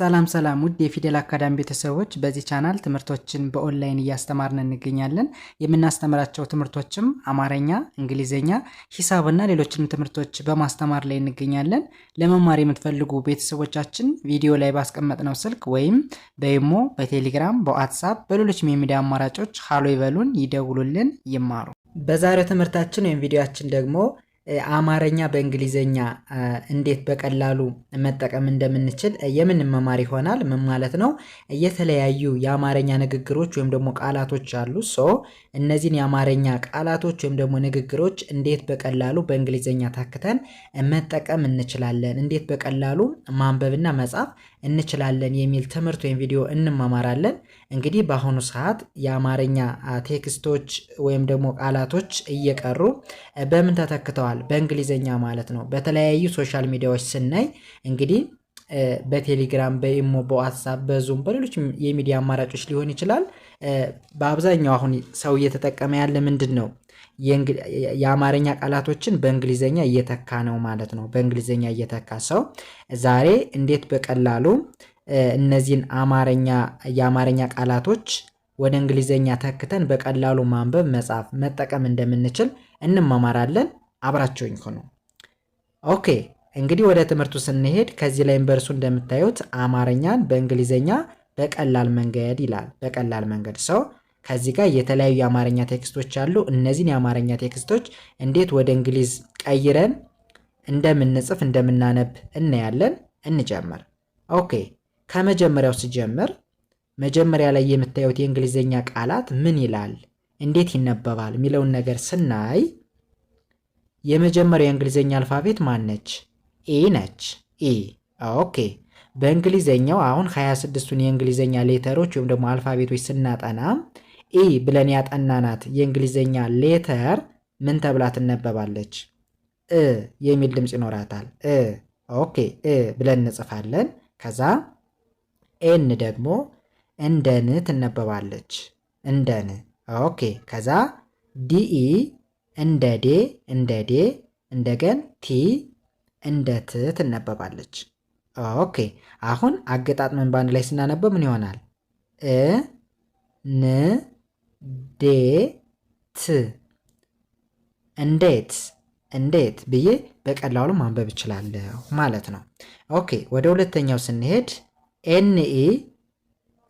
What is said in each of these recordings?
ሰላም ሰላም ውድ የፊደል አካዳሚ ቤተሰቦች፣ በዚህ ቻናል ትምህርቶችን በኦንላይን እያስተማርን እንገኛለን። የምናስተምራቸው ትምህርቶችም አማረኛ እንግሊዝኛ፣ ሂሳብና ሌሎችንም ትምህርቶች በማስተማር ላይ እንገኛለን። ለመማር የምትፈልጉ ቤተሰቦቻችን ቪዲዮ ላይ ባስቀመጥነው ስልክ ወይም በይሞ በቴሌግራም በዋትሳፕ በሌሎች የሚዲያ አማራጮች ሀሎ ይበሉን፣ ይደውሉልን፣ ይማሩ። በዛሬው ትምህርታችን ወይም ቪዲዮችን ደግሞ አማረኛ በእንግሊዘኛ እንዴት በቀላሉ መጠቀም እንደምንችል የምንመማር ይሆናል። ምን ማለት ነው? የተለያዩ የአማረኛ ንግግሮች ወይም ደግሞ ቃላቶች አሉ። ሶ እነዚህን የአማረኛ ቃላቶች ወይም ደግሞ ንግግሮች እንዴት በቀላሉ በእንግሊዘኛ ታክተን መጠቀም እንችላለን፣ እንዴት በቀላሉ ማንበብና መጻፍ እንችላለን የሚል ትምህርት ወይም ቪዲዮ እንመማራለን። እንግዲህ በአሁኑ ሰዓት የአማርኛ ቴክስቶች ወይም ደግሞ ቃላቶች እየቀሩ በምን ተተክተዋል? በእንግሊዘኛ ማለት ነው። በተለያዩ ሶሻል ሚዲያዎች ስናይ እንግዲህ በቴሌግራም በኢሞ በዋትሳፕ በዙም በሌሎች የሚዲያ አማራጮች ሊሆን ይችላል። በአብዛኛው አሁን ሰው እየተጠቀመ ያለ ምንድን ነው? የአማርኛ ቃላቶችን በእንግሊዝኛ እየተካ ነው ማለት ነው። በእንግሊዝኛ እየተካ ሰው ዛሬ እንዴት በቀላሉ እነዚህን አማርኛ የአማርኛ ቃላቶች ወደ እንግሊዝኛ ተክተን በቀላሉ ማንበብ፣ መጻፍ፣ መጠቀም እንደምንችል እንማማራለን። አብራቸውኝ ሁኑ። ኦኬ እንግዲህ ወደ ትምህርቱ ስንሄድ ከዚህ ላይ በእርሱ እንደምታዩት አማርኛን በእንግሊዘኛ በቀላል መንገድ ይላል። በቀላል መንገድ ሰው ከዚህ ጋር የተለያዩ የአማርኛ ቴክስቶች አሉ። እነዚህን የአማርኛ ቴክስቶች እንዴት ወደ እንግሊዝ ቀይረን እንደምንጽፍ እንደምናነብ እናያለን። እንጀምር። ኦኬ ከመጀመሪያው ስጀምር መጀመሪያ ላይ የምታዩት የእንግሊዝኛ ቃላት ምን ይላል፣ እንዴት ይነበባል የሚለውን ነገር ስናይ የመጀመሪያው የእንግሊዝኛ አልፋቤት ማን ነች? ኤ ነች። ኤ ኦኬ። በእንግሊዝኛው አሁን 26ቱን የእንግሊዝኛ ሌተሮች ወይም ደግሞ አልፋቤቶች ስናጠና ኤ ብለን ያጠናናት የእንግሊዝኛ ሌተር ምን ተብላ ትነበባለች? እ የሚል ድምፅ ይኖራታል። እ ኦኬ። እ ብለን እንጽፋለን ከዛ ኤን ደግሞ እንደን ትነበባለች። እንደን ኦኬ። ከዛ ዲኢ እንደ ዴ እንደ ዴ እንደገን ቲ እንደ ት ትነበባለች። ኦኬ። አሁን አገጣጥመን በአንድ ላይ ስናነበብ ምን ይሆናል? እ ን ዴ ት እንዴት እንዴት ብዬ በቀላሉ ማንበብ እችላለሁ ማለት ነው። ኦኬ ወደ ሁለተኛው ስንሄድ ኤንኤ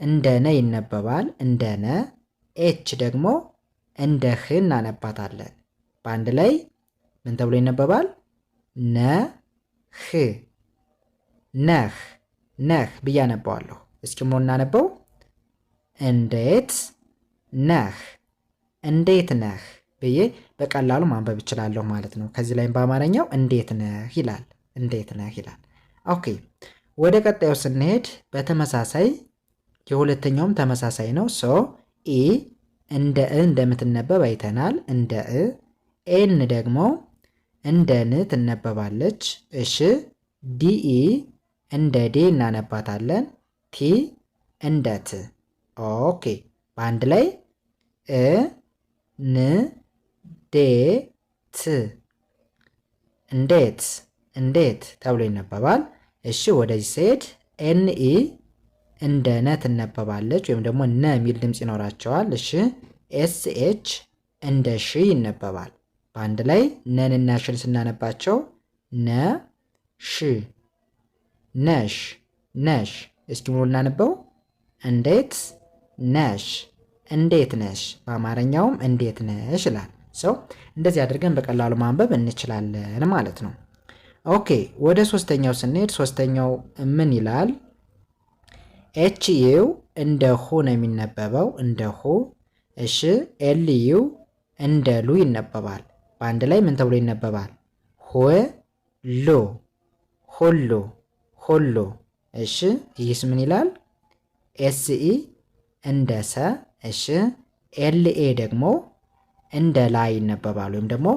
እንደ ነ ይነበባል። እንደ ነ ኤች ደግሞ እንደ ህ እናነባታለን። በአንድ ላይ ምን ተብሎ ይነበባል? ነ ህ ነህ ነህ ብዬ አነባዋለሁ። እስኪ ሞ እናነበው። እንዴት ነህ እንዴት ነህ ብዬ በቀላሉ ማንበብ እችላለሁ ማለት ነው። ከዚህ ላይም በአማርኛው እንዴት ነህ ይላል። እንዴት ነህ ይላል። ኦኬ ወደ ቀጣዩ ስንሄድ በተመሳሳይ የሁለተኛውም ተመሳሳይ ነው። ሶ ኢ እንደ እ እንደምትነበብ አይተናል። እንደ እ ኤን ደግሞ እንደ ን ትነበባለች። እሺ ዲኢ እንደ ዴ እናነባታለን። ቲ እንደ ት። ኦኬ በአንድ ላይ እ ን ዴ ት እንዴት እንዴት ተብሎ ይነበባል። እሺ ወደዚህ ስሄድ ኤን ኢ እንደ ነ ትነበባለች ወይም ደግሞ ነ የሚል ድምፅ ይኖራቸዋል። እሺ ኤስ ኤች እንደ ሺ ይነበባል። በአንድ ላይ ነን እና ሽን ስናነባቸው ነ ሽ ነሽ ነሽ። እስኪ ሙሉ እናነበው። እንዴት ነሽ፣ እንዴት ነሽ። በአማርኛውም እንዴት ነሽ ይላል ሰው። እንደዚህ አድርገን በቀላሉ ማንበብ እንችላለን ማለት ነው። ኦኬ ወደ ሶስተኛው ስንሄድ ሶስተኛው ምን ይላል? ኤች ዩ እንደ ሁ ነው የሚነበበው እንደ ሁ። እሺ ኤል ዩ እንደ ሉ ይነበባል። በአንድ ላይ ምን ተብሎ ይነበባል? ሁ ሉ ሁሉ ሁሉ። እሺ ይህስ ምን ይላል? ኤስ ኢ እንደ ሰ። እሺ ኤል ኤ ደግሞ እንደ ላ ይነበባል፣ ወይም ደግሞ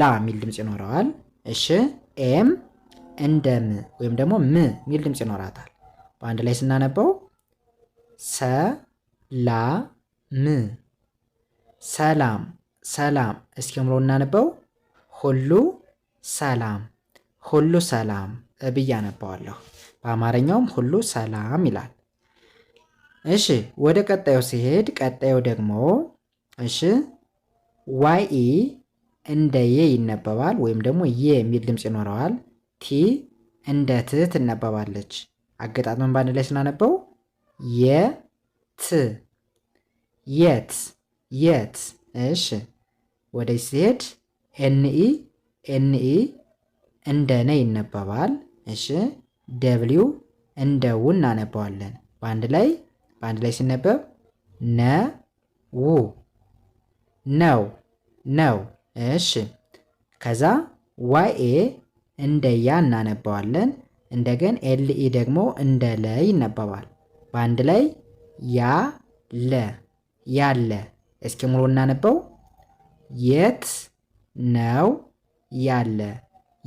ላ የሚል ድምፅ ይኖረዋል። እሺ ኤም እንደ ም ወይም ደግሞ ም የሚል ድምፅ ይኖራታል። በአንድ ላይ ስናነበው ሰላም ሰላም ሰላም። እስኪ ምሮ እናነበው ሁሉ ሰላም ሁሉ ሰላም ብዬ አነባዋለሁ። በአማርኛውም ሁሉ ሰላም ይላል። እሺ ወደ ቀጣዩ ሲሄድ ቀጣዩ ደግሞ እሺ ዋይ ኢ እንደ የ ይነበባል ወይም ደግሞ የ የሚል ድምፅ ይኖረዋል። ቲ እንደ ት ትነበባለች። አገጣጥመን ባንድ ላይ ስናነበው የት የት የት። እሺ ወደዚህ ሲሄድ ኤንኢ ኤንኢ እንደ ነ ይነበባል። እሺ ደብሊው እንደ ው እናነበዋለን። በአንድ ላይ በአንድ ላይ ሲነበብ ነ ው ነው ነው እሺ ከዛ ዋኤ እንደ ያ እናነባዋለን። እንደገን ኤልኢ ደግሞ እንደ ለ ይነበባል። በአንድ ላይ ያ ለ ያለ። እስኪ ሙሉ እናነበው። የት ነው ያለ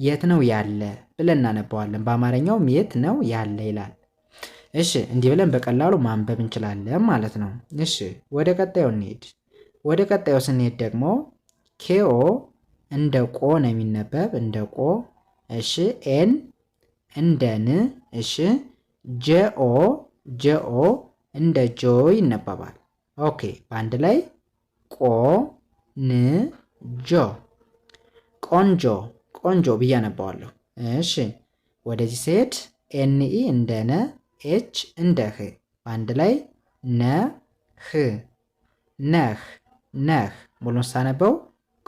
የት ነው ያለ ብለን እናነባዋለን። በአማርኛውም የት ነው ያለ ይላል። እሺ እንዲህ ብለን በቀላሉ ማንበብ እንችላለን ማለት ነው። እሺ ወደ ቀጣዩ እንሄድ። ወደ ቀጣዩ ስንሄድ ደግሞ ኬኦ እንደ ቆ ነው የሚነበብ እንደ ቆ። እሺ ኤን እንደ ን። እሺ ጄኦ ጀኦ እንደ ጆ ይነበባል። ኦኬ በአንድ ላይ ቆ ን ጆ ቆንጆ ቆንጆ ብዬ አነባዋለሁ። እሺ ወደዚህ ሴት ኤንኢ እንደ ነ ኤች እንደ ህ በአንድ ላይ ነ ህ ነህ ነህ ሙሉን ሳነበው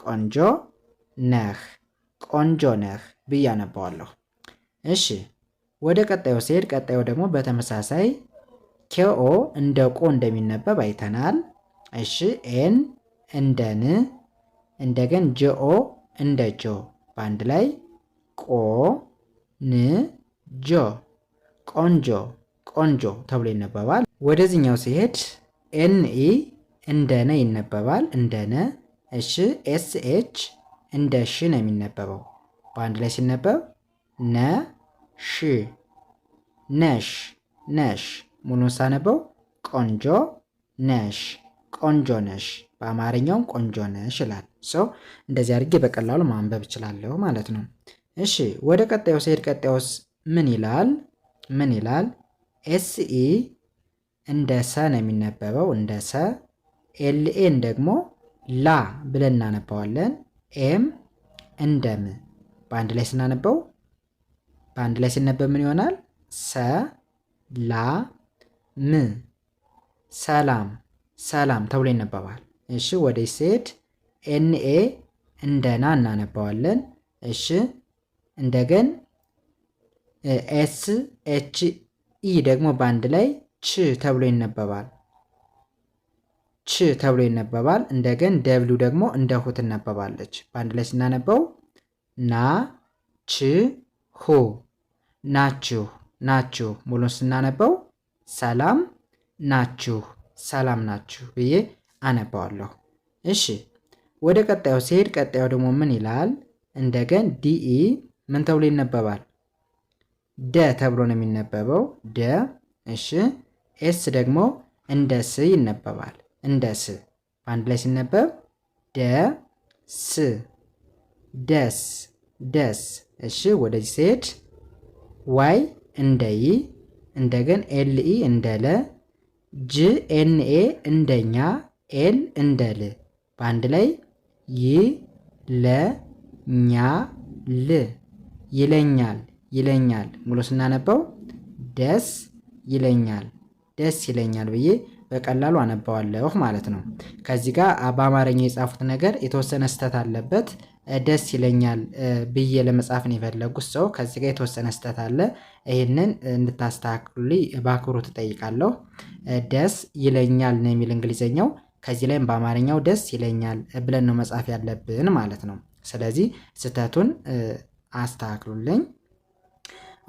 ቆንጆ ነህ ቆንጆ ነህ ብዬ አነባዋለሁ። እሺ ወደ ቀጣዩ ሲሄድ ቀጣዩ ደግሞ በተመሳሳይ ኬኦ እንደ ቆ እንደሚነበብ አይተናል። እሺ ኤን እንደ ን እንደገን ጆኦ እንደ ጆ በአንድ ላይ ቆ ን ጆ ቆንጆ ቆንጆ ተብሎ ይነበባል። ወደዚህኛው ሲሄድ ኤንኢ እንደ ነ ይነበባል እንደ ነ እሺ ኤስ ኤች እንደ ሺ ነው የሚነበበው። በአንድ ላይ ሲነበብ ነ ሽ ነሽ ነሽ። ሙሉን ሳነበው ቆንጆ ነሽ ቆንጆ ነሽ። በአማርኛውም ቆንጆ ነሽ ይላል ሰው። እንደዚህ አድርጌ በቀላሉ ማንበብ እችላለሁ ማለት ነው። እሺ ወደ ቀጣዩ ስሄድ ቀጣዩስ ምን ይላል? ምን ይላል? ኤስኢ እንደ ሰ ነው የሚነበበው እንደ ሰ ኤልኤን ደግሞ ላ ብለን እናነባዋለን። ኤም እንደ ም በአንድ ላይ ስናነበው በአንድ ላይ ሲነበብ ምን ይሆናል? ሰ ላ ም ሰላም ሰላም ተብሎ ይነበባል። እሺ ወደ ሴድ ኤንኤ እንደ ና እናነባዋለን። እሺ እንደገን ኤስ ኤች ኢ ደግሞ በአንድ ላይ ች ተብሎ ይነበባል። ች ተብሎ ይነበባል። እንደገን ደብሊው ደግሞ እንደ ሁ ትነበባለች። በአንድ ላይ ስናነበው ና ች ሁ ናችሁ ናችሁ። ሙሉን ስናነበው ሰላም ናችሁ ሰላም ናችሁ ብዬ አነባዋለሁ። እሺ ወደ ቀጣዩ ሲሄድ ቀጣዩ ደግሞ ምን ይላል? እንደገን ዲኢ ምን ተብሎ ይነበባል? ደ ተብሎ ነው የሚነበበው ደ። እሺ ኤስ ደግሞ እንደ ስ ይነበባል። እንደ ስ በአንድ ላይ ሲነበብ ደ ስ ደስ ደስ። እሺ ወደዚህ ሲሄድ ዋይ እንደ ይ እንደገን ኤል ኢ እንደ ለ ጅ ኤን ኤ ኤል እንደ ል በአንድ ላይ ይ ለ ኛ ል ይለኛል ይለኛል። ሙሉ ስናነበው ደስ ይለኛል ደስ ይለኛል ብዬ በቀላሉ አነባዋለሁ ማለት ነው። ከዚህ ጋር በአማርኛ የጻፉት ነገር የተወሰነ ስህተት አለበት። ደስ ይለኛል ብዬ ነው የፈለጉት ሰው ከዚህ ጋር የተወሰነ ስህተት አለ። ይህንን እንድታስተካክሉልኝ በአክብሮት እጠይቃለሁ። ደስ ይለኛል ነው የሚል እንግሊዘኛው። ከዚህ ላይም በአማርኛው ደስ ይለኛል ብለን ነው መጻፍ ያለብን ማለት ነው። ስለዚህ ስህተቱን አስተካክሉልኝ።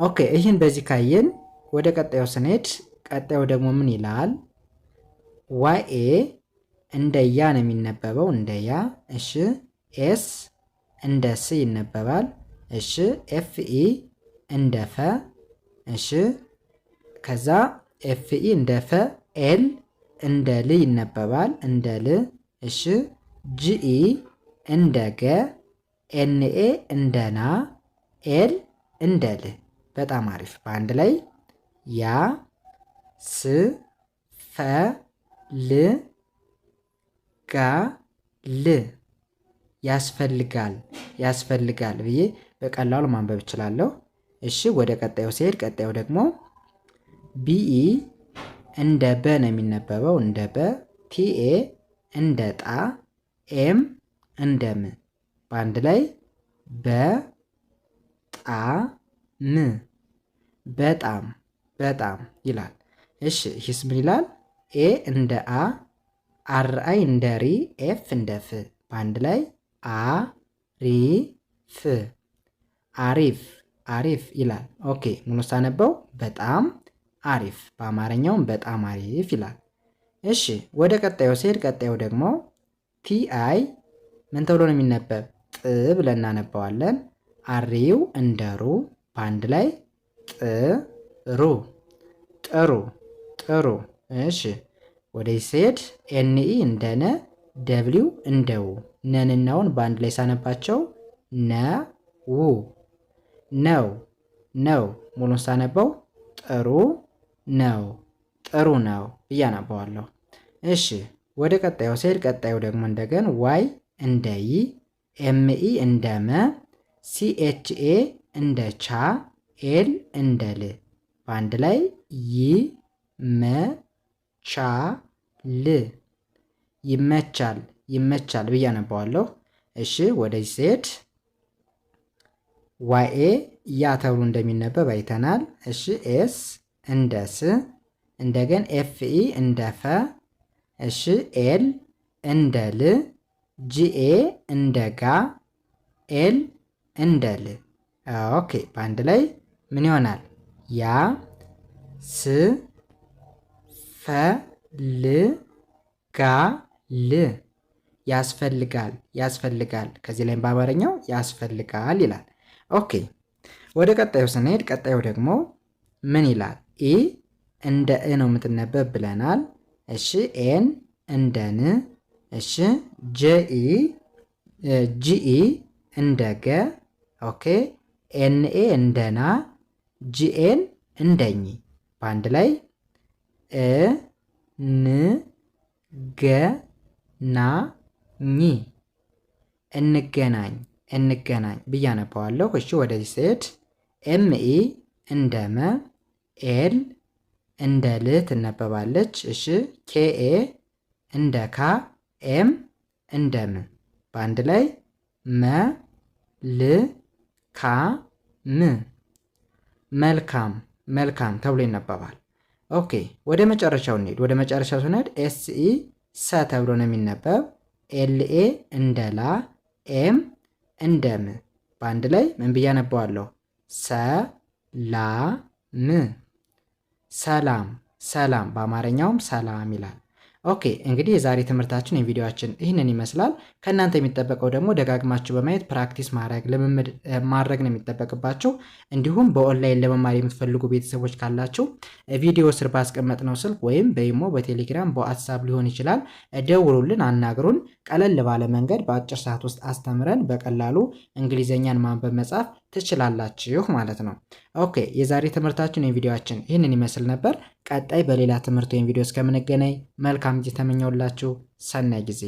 ኦኬ፣ ይህን በዚህ ካየን ወደ ቀጣዩ ስንሄድ ቀጣዩ ደግሞ ምን ይላል? ዋኤ እንደ ያ ነው የሚነበበው፣ እንደ ያ። እሺ ኤስ እንደ ስ ይነበባል። እሺ ኤፍኢ እንደ ፈ። እሺ ከዛ ኤፍኢ እንደ ፈ። ኤል እንደ ል ይነበባል፣ እንደ ል። እሺ ጂኢ እንደ ገ። ኤንኤ እንደ ና። ኤል እንደ ል። በጣም አሪፍ። በአንድ ላይ ያ ስ ፈ ል ጋ ል ያስፈልጋል ያስፈልጋል ብዬ በቀላሉ ማንበብ እችላለሁ። እሺ ወደ ቀጣዩ ሲሄድ ቀጣዩ ደግሞ ቢኢ እንደ በ ነው የሚነበበው እንደ በ ቲኤ እንደ ጣ ኤም እንደ ም በአንድ ላይ በ ጣ ም በጣም በጣም ይላል። እሺ ይህስ ምን ይላል? ኤ እንደ አ አር አይ እንደ ሪ ኤፍ እንደ ፍ በአንድ ላይ አ ሪ ፍ አሪፍ አሪፍ ይላል። ኦኬ ምን ሳነበው በጣም አሪፍ በአማርኛውም በጣም አሪፍ ይላል። እሺ ወደ ቀጣዩ ስሄድ ቀጣዩ ደግሞ ቲአይ ምን ተብሎ ነው የሚነበብ? ጥ ብለን እናነባዋለን። አሪው እንደ ሩ በአንድ ላይ ጥ ሩ ጥሩ ጥሩ እሺ ወደዚህ ሴድ ኤንኢ እንደ ነ ደብሊው እንደ ው ነንናውን በአንድ ላይ ሳነባቸው ነ ው ነው ነው ሙሉን ሳነበው ጥሩ ነው ጥሩ ነው ብዬ አነባዋለሁ። እሺ ወደ ቀጣዩ ሴድ ቀጣዩ ደግሞ እንደገን ዋይ እንደ ይ ኤምኢ እንደ መ ሲኤችኤ እንደ ቻ ኤል እንደ ል በአንድ ላይ ይ መ ቻ ል ይመቻል ይመቻል ብዬ አነባዋለሁ። እሺ ወደዚህ ስሄድ ዋኤ ያ ተብሎ እንደሚነበብ አይተናል። እሺ ኤስ እንደ ስ እንደገን ኤፍኢ እንደ ፈ እሺ ኤል እንደ ል ጂኤ እንደ ጋ ኤል እንደ ል ኦኬ በአንድ ላይ ምን ይሆናል? ያ ስ ያስፈልጋል ጋ ል ያስፈልጋል ያስፈልጋል። ከዚህ ላይም በአማርኛው ያስፈልጋል ይላል። ኦኬ ወደ ቀጣዩ ስንሄድ ቀጣዩ ደግሞ ምን ይላል? ኢ እንደ እ ነው የምትነበብ ብለናል። እሺ ኤን እንደ ን፣ እሺ ጂ ኢ እንደ ገ፣ ኦኬ ኤንኤ እንደ ና፣ ኤን እንደ ኝ በአንድ ላይ እ ን ገ ና ኝ እንገናኝ እንገናኝ ብዬ አነባዋለሁ። እሺ ወደዚህ ስድ ኤም ኢ እንደ መ ኤል እንደ ል ትነበባለች። እሺ ኬ ኤ እንደ ካ ኤም እንደ ም በአንድ ላይ መ ል ካ ም መልካም መልካም ተብሎ ይነበባል። ኦኬ ወደ መጨረሻው እንሄድ። ወደ መጨረሻው ስንሄድ ኤስኢ ሰ ተብሎ ነው የሚነበብ። ኤልኤ እንደ ላ፣ ኤም እንደ ም በአንድ ላይ ምን ብዬ አነበዋለሁ? ሰ ላ ም ሰላም ሰላም። በአማርኛውም ሰላም ይላል። ኦኬ እንግዲህ የዛሬ ትምህርታችን የቪዲዮችን ይህንን ይመስላል። ከእናንተ የሚጠበቀው ደግሞ ደጋግማችሁ በማየት ፕራክቲስ ማድረግ ልምምድ ማድረግ ነው የሚጠበቅባችሁ። እንዲሁም በኦንላይን ለመማር የምትፈልጉ ቤተሰቦች ካላችሁ ቪዲዮ ስር ባስቀመጥ ነው ስልክ ወይም በኢሞ በቴሌግራም በዋትሳፕ ሊሆን ይችላል ደውሉልን፣ አናግሩን። ቀለል ባለ መንገድ በአጭር ሰዓት ውስጥ አስተምረን በቀላሉ እንግሊዘኛን ማንበብ መጻፍ ትችላላችሁ ማለት ነው። ኦኬ የዛሬ ትምህርታችን ወይም ቪዲዮችን ይህንን ይመስል ነበር። ቀጣይ በሌላ ትምህርት ወይም ቪዲዮ እስከምንገናኝ መልካም ጊዜ ተመኘውላችሁ። ሰናይ ጊዜ